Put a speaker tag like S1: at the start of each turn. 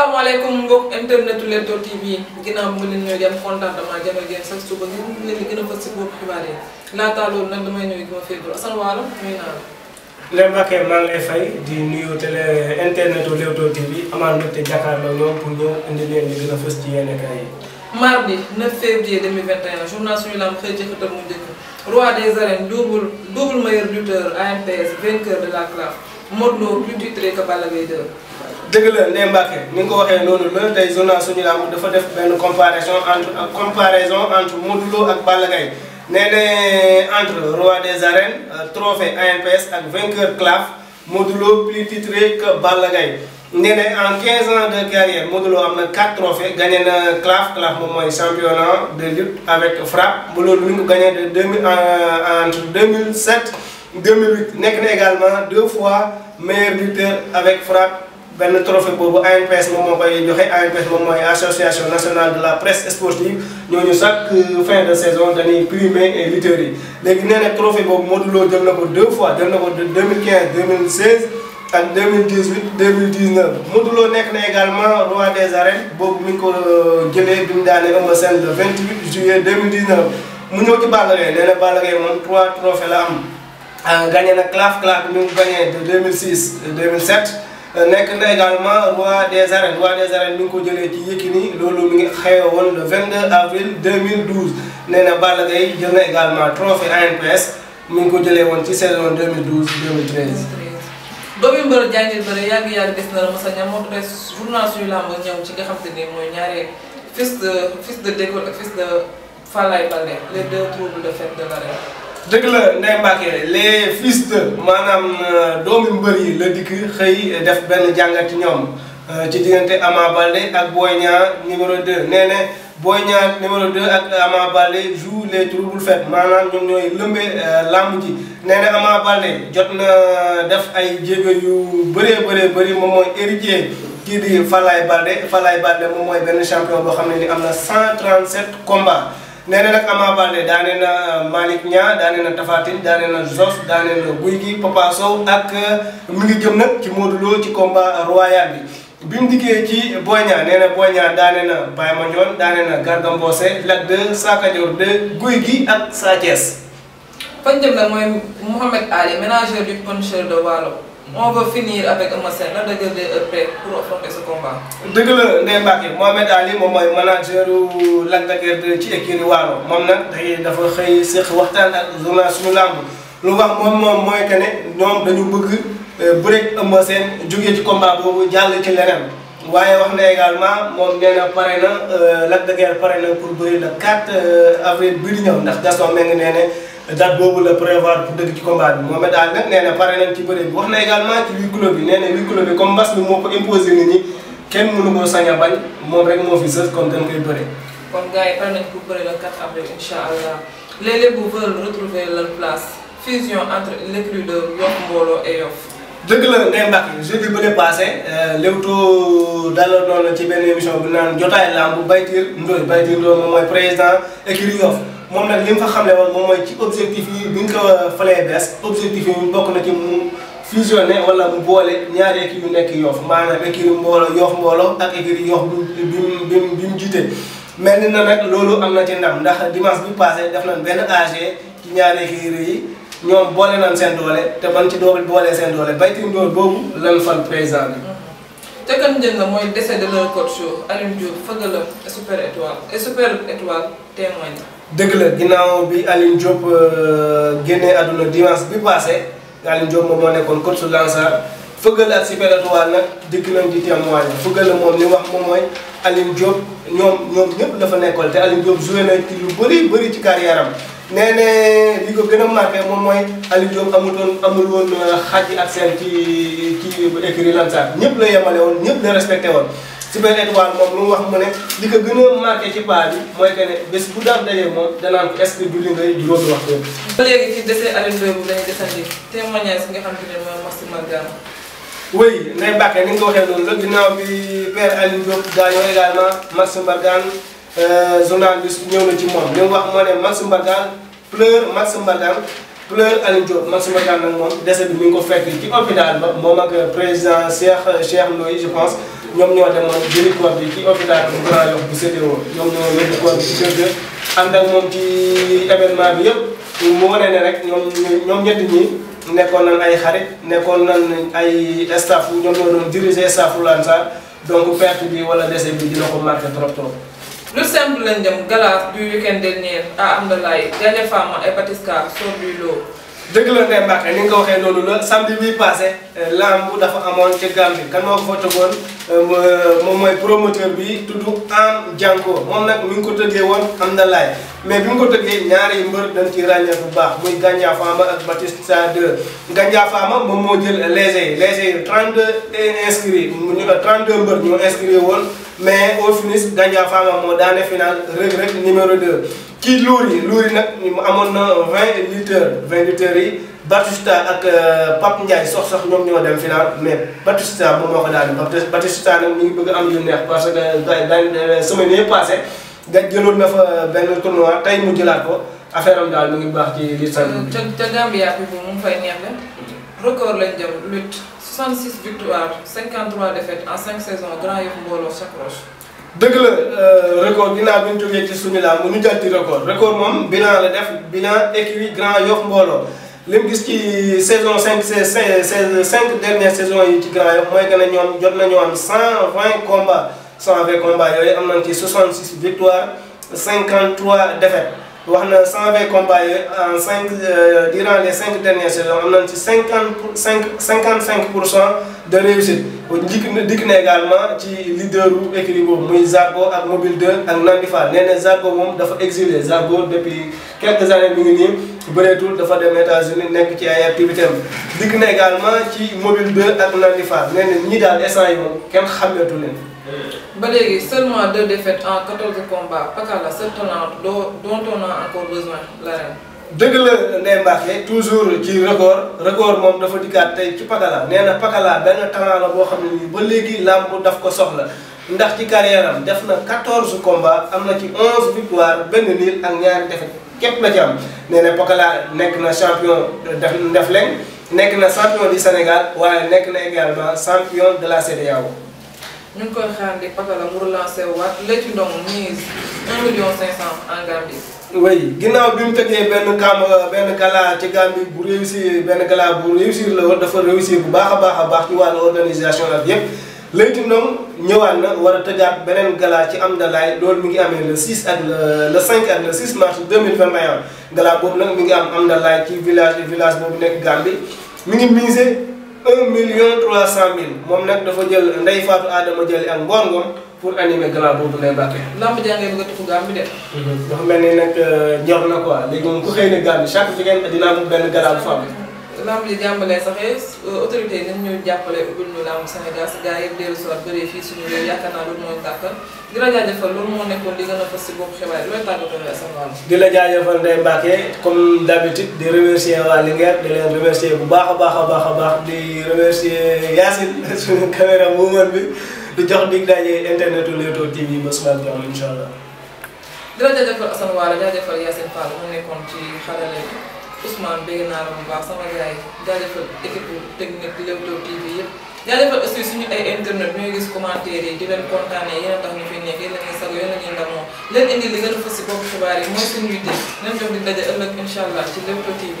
S1: salaamaaleykum mbokk internetu Leewtoo TV ginnaaw mu ngi leen ñooy dem contentement jënd ak yéen sax suba ngeen leen di gën a fës si bopp xibaar yi laataa loolu nag damay ñëw di ma féetlu Assane Waala nuyu naa la.
S2: Ndeye Mbacke maa ngi lay fay di nuyu pour ñëw indi leen di gën a fës ci yenn kaay yi.
S1: mardi 9 février 2021 xëy ci mu njëkk roi des arènes double double meilleur lutteur ANPS vainqueur de la CLAF Modou Lo plus titré que Balla
S2: dëgg la Ndeye ni nga ko waxee noonu la tey journal suñu làmb dafa def benn comparaison entre comparaison entre Modou Lo ak Balla Gaye nee entre roi des arènes euh, trophée ANPS ak vainqueur CLAF Modou Lo plus titré que Balla Gaye en 15 ans de carrière Modou Lo am na 4 trophées gagné na CLAF CLAF moom mooy championnat de lutte avec frappe ba loolu mi ngi ko gagné de 2000 euh, entre 2007 nekk na également deux fois meilleur lutteur avec frappe benn trophée boobu ANPS moom moo koy joxe ANPS moom mooy association nationale de la presse sportive ñooñu chaque euh, fin de saison dañuy primé lutteurs yi. léegi nee trophée boobu Modou loo jël na ko deux fois jël na ko de 2015 2016 ak 2018 2019 Modou Lo nekk na également roi des arènes boobu mi ko euh, jëlee bi mu daanee le 28 juillet 2019 mu ñëw ci Balla Gaye nee na Balla Gaye moom trois trophées la am euh, gagné na claf claf mi ngi gagné de 2006 2007. Euh, nekk na également roi des arènes roi des arènes mi ngi ko jëlee ci Yékini loolu mi ngi xew woon le 22 avril 2012 nee na Balla Gaye jël na également trophée ANPS mi ngi ko jëlee woon ci saison 2012 2013.
S1: doomi mbër jaajëf bëre yàgg yàgg des na la mos a ñam moo tax journal suñu làmb ñëw ci nga xam te ne mooy ñaare fils de fils de Décolle ak fils de Falaye Baldé les deux de fête de l'arène.
S2: dëgg la Ndeye Mbacke les fils maanaam euh, doomi mbër yi la dikk xëy def benn jàngat ñoom euh, ci diggante Ama Baldé ak Boy Niang numéro 2 nee na Boy Niang numéro 2 ak Ama Baldé joue les trouble fête maanaam ñoom ñooy lëmbee euh, làmb ji nee na Ama jot na def ay jéego yu bëree bëree bëri moom mooy héritier kii di Falaye Baldé Falaye Baldé moom mooy benn champion boo xam ne ni am na 137 combats. nee na nag Ama Baldé daane na Malick Niang daane na Tapha Tine daane na Zos daane na Gouye ak euh, mi jëm nag ci Modou Lo ci combat royal bi. bi mu ci Boy Niang nee na Boy Niang daane na Baye Mandione daane na Garga Mbossé Lac 2 Sa Cadior ak Sa Thiès.
S1: jëm nag mooy Mouhamed Ali manager du puncheur de Walo. on va finir avec Eumeu Sène lan la gën a prêt pour affronter ce combat.
S2: dëgg la Ndeye Mbacke Mohamed Ali moom mooy manager Lac de Guiers ci écurie Waalo moom nag day dafa xëy séq waxtaan ak journal suñu làmb lu wax moom mooy que ne ñoom dañu bëgg euh, bu rek Eumeu Sène jógee ci combat boobu jàll ci waaye wax na également moom nee na pare na euh, la de Guiers pare na pour bëri le 4 euh, avril bi di ñëw ndax Gaston Mbengue nee na date boobu la prévoir pour dëgg ci combat bi Mohamed Ali nag nee na pare nañ ci bëri bi wax na également ci huis bi nee na huis clos bi comme mbas bi moo ko imposé nit ñi kenn mënu ko sañ a bañ moom rek moo fi sës kon dañ koy bëri.
S1: kon gars yi pare nañ pour bëri le 4 avril incha allah les Lébou veulent retrouver leur place fusion entre l'écurie
S2: dëgg la Ndeye Mbacke jeudi ba le passé euh, Leewtoo dalal noonu ci benn émission bu naan jotaay làmb Baytir Ndoye Baytir Ndoye moom mooy président écurie Yoff moom nag li mu fa xamle woon moom mooy ci objectif yi bi nga ko euh, falee bees objectif yi bokk na ci mu fusionné wala mu boole ñaari écurie yu nekk Yoff maanaam écurie mbooloo Yoff mbooloo ak écurie Yoff bi mu bi mu bi jiite mel ni na nag loolu am na ci ndam ndax dimanche bi passé def nañ benn AG ci ñaari écurie yi ñoom boole nañ seen doole te man ci doole boole seen doole bayti ndóol boobu lan fal président bi.
S1: te kan njënd mooy décès de leur coach Alioune Diop fëgalam super étoile et
S2: la ginnaaw bi Alioune Diop euh, génnee àdduna dimanche bi passé Alioune Diop moom moo nekkoon coach Lansar fëgal ak super étoile nag dikk nañ di témoigne fëgal la moom li wax moom mooy Alioune Diop ñoom ñoom ñëpp dafa nekkoon te Alioune Diop joué na ci lu bëri bëri ci carrière am nee ne li ko gën a marqué moom mooy Aliou Diop amutoon amul woon euh, xaaj ak seen ci ci écurie Lansar ñëpp la yemale woon ñëpp la respecté woon. Super Étoile moom lu mu wax mu ne li ko gën a marqué ci paa bi mooy que ne bés bu daan dajee moom danaan ko est ba léegi ci dese Aliou Diop lay nga xam
S1: ne mooy Massima Gama.
S2: oui nga ko waxee noonu la ginnaaw bi père Aliou Diop gaañoo également Euh, journaliste ñëw na ci moom li mu wax moo ne Max Mbargane pleure Max Mbargane pleure Aliou Diop Max Mbargane nag moom décès bi mi ko fekk ci hôpital ba moom ak président Cheikh Cheikh Ndoye je pense ñoom ñoo demoon jëli corps bi ci hôpital bu Grand Yoff bu CDO ñoom ñoo yóbbu corps bi moom ci événement bi yëpp mu wane ne rek ñoom ñoom ñett ñi nekkoon nañ ay xarit nekkoon nañ ay staff ñoom ñoo doon diriger staffu Lansar donc perte bi wala décès bi dina ko marqué
S1: Plus simple l'indem, Galas du week-end dernier à ah, Amdalaï, dernière femme à Hepatiska sur du lot.
S2: dëgg la Ndeye Mbacke ni nga ko waxee noonu la samedi bii passé euh, lamb dafa amoon ca Gambie kan moo ko tëggoon Euh, euh, moom mooy promoteur bi tudd Am Janko moom nag mi ngi ko tëggee woon am na laay mais bi mu ko tëggee ñaari mbër dañ ci ràññee bu baax muy Gandia Fama ak Batista 2 Gandia Fama moom moo jël léger léger 32 inscrits mu ñu 32 mbër ñoo inscrit woon mais au finish Gandia Fama moo daane final Reug Reug numéro 2 ci luur yi luur yi nag mu amoon na 20 lutteurs 20 lutteurs yi Batista ak euh, Pape Ndiaye sox-sox ñoom ñoo dem final mais Batista moom moo ko daal di nag mi ngi bëgg am lu neex parce que da daañu semaine yëpp passé nga jëloon na fa euh, benn tournoi tey mu laa ko affaire am daal mi ngi baax ci li sa mm, ca
S1: ca Gambia bi moom mu fay neex la record lañ jël lutte 66 victoires 53 défaites en 5 saisons grand yëf mbooloo
S2: s'accroche dëgg la euh, record ginnaaw bi ñu ci suñu laa mu ñu jël ci record record moom bilan la def bilan li gis ci saison cinq sa cinq dernières saisons yi ci Grand Yoff mooy que ne ñoom jot nañoo am cent vingt combats cent vingt combats yooyu am nañ ci soixante six victoires cinquante trois défaites. wax na 120 combats yi en 5 euh, durant les cinq dernières saisons am nañ ci 50 pour 5 55 pour cent de réussite dikk na dikk na également ci leader bu écurie boobu muy Zarko ak Mobile 2 ak Nandi Fall nee na Zarko moom dafa exilé Zarko depuis quelques années mi ngi nii bëreetul dafa dem États-Unis nekk ci ay activités am dikk na également ci Mobile 2 ak Nandi Fall nee na ñii daal instant yi moom kenn xàmmeetu
S1: leen. ba léegi seulement deux défaites en quatorze combats Pakala la seul talent doo on a encore besoin l'arène.
S2: dëgg la Ndeye Mbacke toujours ci record record moom dafa dikkaat tey ci Pakala nee na Pakala benn talent la boo xam ne nii ba léegi làmb daf ko soxla ndax ci carrière am def na quatorze combats am na ci onze victoire benn nil ak ñaari défaite képp na ci am nee na nekk na champion def def leen nekk na champion du Sénégal waaye nekk na également de la CEDEAO.
S1: ñu ngi koy xaar di pakala mu relancé waat Léthie Ndong mise 1 million 500 en Gambie.
S2: oui ginnaaw bi mu fekkee benn kam benn gala ci bi bu réussir benn gala bu réussir la woon dafa réussir bu baax a baax a baax ci wàllu organisation la yëpp Léthie Ndong ñëwaat na war a tëjaat beneen galaa ci am Amdalaay loolu mi ngi amee le 6 ak le le 5 ak le 6 mars 2021 gala boobu nag mi ngi am Amdalaay ci village village boobu nekk Gambie mi ngi miser. un million trois cent mille moom nag dafa jël Ndeye Fatou aadama jël ak Ngor Ngom pour animer gala boobu lay bàqee.
S1: lamb jàngee bëgg a tukku gaam bi de.
S2: nga xam ne nag ñor euh, na quoi léegi moom ko xëy na gaam bi chaque weekend dinaa am benn gala bu fa am.
S1: lamb ji jàmbalee sax eh, euh, autorité yi nañ ñu jàppale ubbil ñu lamb Sénégal si gars yëpp dellu siwaat bëree fii suñu réew yaakaar naa loolu mooy tàkkal di la jaajëfal loolu moo nekkoon di gën a
S2: di la jaajëfal Ndeye Mbacke comme d'habitude di remercier waa Linguère di a baax a baax a baax di remercier Yacine suñu caméra bi di jox dig daje internetu Leewtoo TV ba subaak jox incha allah
S1: di la jaajëfal Assane nekkoon ci xarale Ousmane bëgg naa la bu baax sama gars yi jaajëfal équipe technique Leewtoo TV yëpp jaajëfal aussi suñu ay internet ñooy gis commentaire yi di leen kontaanee yéen a tax ñu fi nekk yéen a ngi sago yéen a ngi ndamoo leen indi li gën a si bopp xibaar yi mooy suñu yitte leen jox di daje ëllëg incha allah ci Leewtoo TV